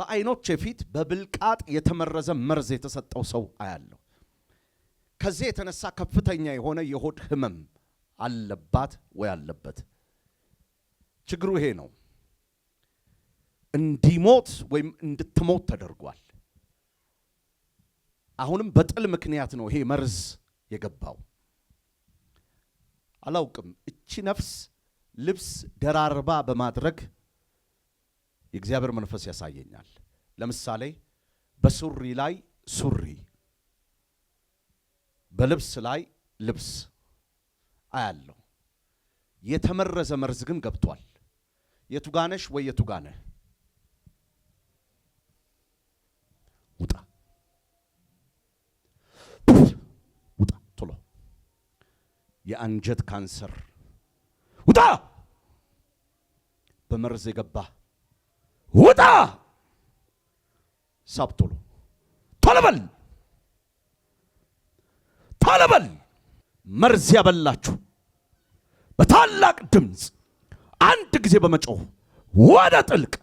በአይኖች ፊት በብልቃጥ የተመረዘ መርዝ የተሰጠው ሰው አያለሁ። ከዚህ የተነሳ ከፍተኛ የሆነ የሆድ ህመም አለባት ወይ አለበት። ችግሩ ይሄ ነው። እንዲሞት ወይም እንድትሞት ተደርጓል። አሁንም በጥል ምክንያት ነው ይሄ መርዝ የገባው። አላውቅም እቺ ነፍስ ልብስ ደራርባ በማድረግ የእግዚአብሔር መንፈስ ያሳየኛል። ለምሳሌ በሱሪ ላይ ሱሪ፣ በልብስ ላይ ልብስ አያለሁ። የተመረዘ መርዝ ግን ገብቷል። የቱጋነሽ ወይ የቱጋነ ውጣ ውጣ፣ ቶሎ የአንጀት ካንሰር ውጣ፣ በመርዝ የገባ ውጣ ሳብቶሎ ቶለበል ቶለበል መርዝ ያበላችሁ በታላቅ ድምፅ አንድ ጊዜ በመጮህ ወደ ጥልቅ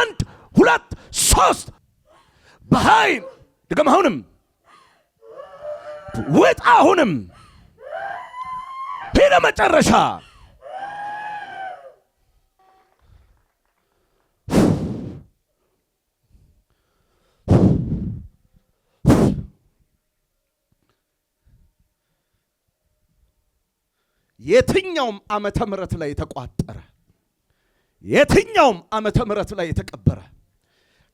አንድ ሁለት ሶስት በኃይል ድገም። አሁንም ውጣ፣ አሁንም ሄደ መጨረሻ የትኛውም ዓመተ ምሕረት ላይ የተቋጠረ የትኛውም ዓመተ ምሕረት ላይ የተቀበረ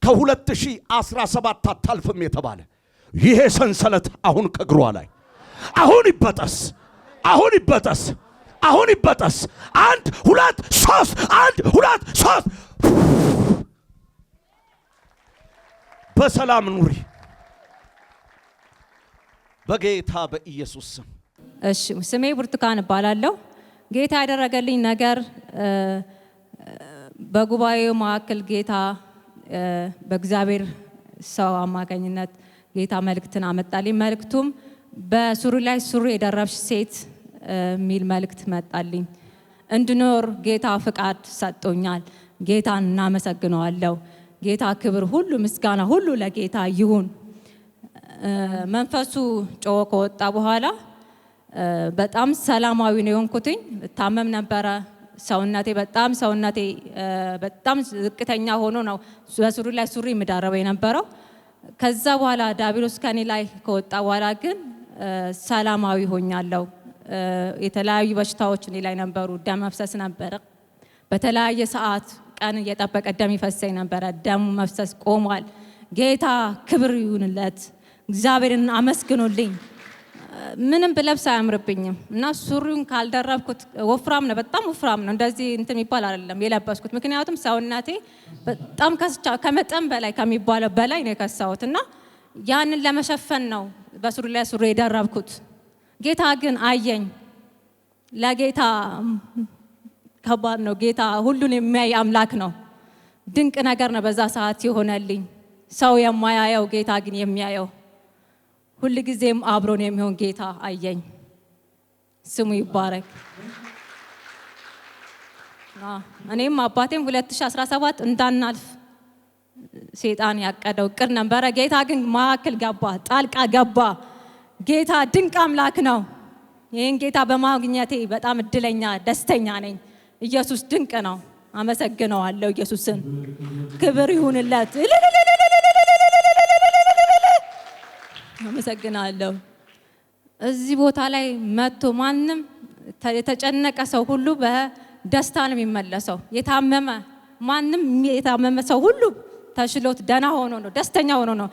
ከ2017 አታልፍም የተባለ ይሄ ሰንሰለት አሁን ከእግሯ ላይ አሁን ይበጠስ፣ አሁን ይበጠስ፣ አሁን ይበጠስ። አንድ ሁለት ሶስት፣ አንድ ሁለት ሶስት። በሰላም ኑሪ በጌታ በኢየሱስ ስም። እሺ ስሜ ብርቱካን እባላለሁ። ጌታ ያደረገልኝ ነገር በጉባኤው መካከል ጌታ በእግዚአብሔር ሰው አማካኝነት ጌታ መልእክትን አመጣልኝ። መልእክቱም በሱሪ ላይ ሱሪ የደረብሽ ሴት የሚል መልእክት መጣልኝ። እንድኖር ጌታ ፍቃድ ሰጥቶኛል። ጌታን እናመሰግነዋለሁ። ጌታ ክብር ሁሉ፣ ምስጋና ሁሉ ለጌታ ይሁን። መንፈሱ ጮኸ ከወጣ በኋላ በጣም ሰላማዊ ነው የሆንኩትኝ። ታመም ነበረ ሰውነቴ በጣም ሰውነቴ በጣም ዝቅተኛ ሆኖ ነው በሱሪ ላይ ሱሪ የምዳረበው የነበረው። ከዛ በኋላ ዳቢሎስ ከኔ ላይ ከወጣ በኋላ ግን ሰላማዊ ሆኛለሁ። የተለያዩ በሽታዎች እኔ ላይ ነበሩ። ደም መፍሰስ ነበረ በተለያየ ሰዓት ቀን እየጠበቀ ደም ይፈሰኝ ነበረ። ደሙ መፍሰስ ቆሟል። ጌታ ክብር ይሁንለት። እግዚአብሔርን አመስግኑልኝ። ምንም ብለብስ አያምርብኝም እና ሱሪውን ካልደረብኩት ወፍራም ነው፣ በጣም ወፍራም ነው። እንደዚህ እንትን የሚባል አይደለም የለበስኩት። ምክንያቱም ሰውነቴ በጣም ከስቻ ከመጠን በላይ ከሚባለው በላይ ነው የከሳሁት እና ያንን ለመሸፈን ነው በሱሪ ላይ ሱሪ የደረብኩት። ጌታ ግን አየኝ። ለጌታ ከባድ ነው። ጌታ ሁሉን የሚያይ አምላክ ነው። ድንቅ ነገር ነው በዛ ሰዓት የሆነልኝ ሰው የማያየው ጌታ ግን የሚያየው ጊዜም አብሮን የሚሆን ጌታ አየኝ። ስሙ ይባረክ። እኔም አባቴም 2017 እንዳናልፍ ሴጣን ያቀደው ቅር ነበረ። ጌታ ግን መካከል ገባ፣ ጣልቃ ገባ። ጌታ ድንቅ አምላክ ነው። ይህን ጌታ በማግኘቴ በጣም እድለኛ ደስተኛ ነኝ። ኢየሱስ ድንቅ ነው። አመሰግነዋለሁ። ኢየሱስን ክብር ይሁንለት። አመሰግናለሁ። እዚህ ቦታ ላይ መጥቶ ማንም የተጨነቀ ሰው ሁሉ በደስታ ነው የሚመለሰው። የታመመ ማንም የታመመ ሰው ሁሉ ተሽሎት ደና ሆኖ ነው ደስተኛ ሆኖ ነው።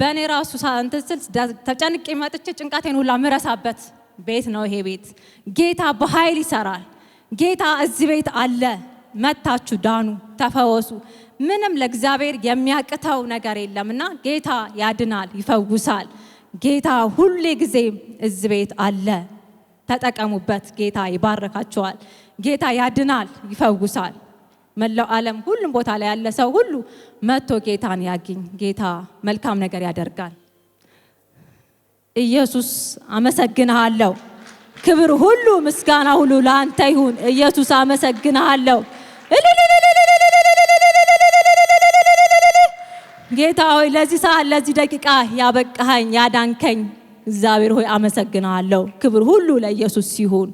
በእኔ ራሱ እንትን ስል ተጨንቄ መጥቼ ጭንቀቴን ሁላ ምረሳበት ቤት ነው ይሄ ቤት። ጌታ በኃይል ይሰራል። ጌታ እዚህ ቤት አለ። መታችሁ ዳኑ፣ ተፈወሱ። ምንም ለእግዚአብሔር የሚያቅተው ነገር የለምና ጌታ ያድናል፣ ይፈውሳል። ጌታ ሁሌ ጊዜ እዚህ ቤት አለ። ተጠቀሙበት። ጌታ ይባርካቸዋል። ጌታ ያድናል፣ ይፈውሳል። መላው ዓለም ሁሉም ቦታ ላይ ያለ ሰው ሁሉ መጥቶ ጌታን ያግኝ። ጌታ መልካም ነገር ያደርጋል። ኢየሱስ አመሰግንሃለሁ። ክብር ሁሉ ምስጋና ሁሉ ለአንተ ይሁን። ኢየሱስ አመሰግንሃለሁ። ጌታ ሆይ ለዚህ ሰዓት ለዚህ ደቂቃ ያበቃኸኝ ያዳንከኝ እግዚአብሔር ሆይ አመሰግናለሁ። ክብር ሁሉ ለኢየሱስ ሲሆን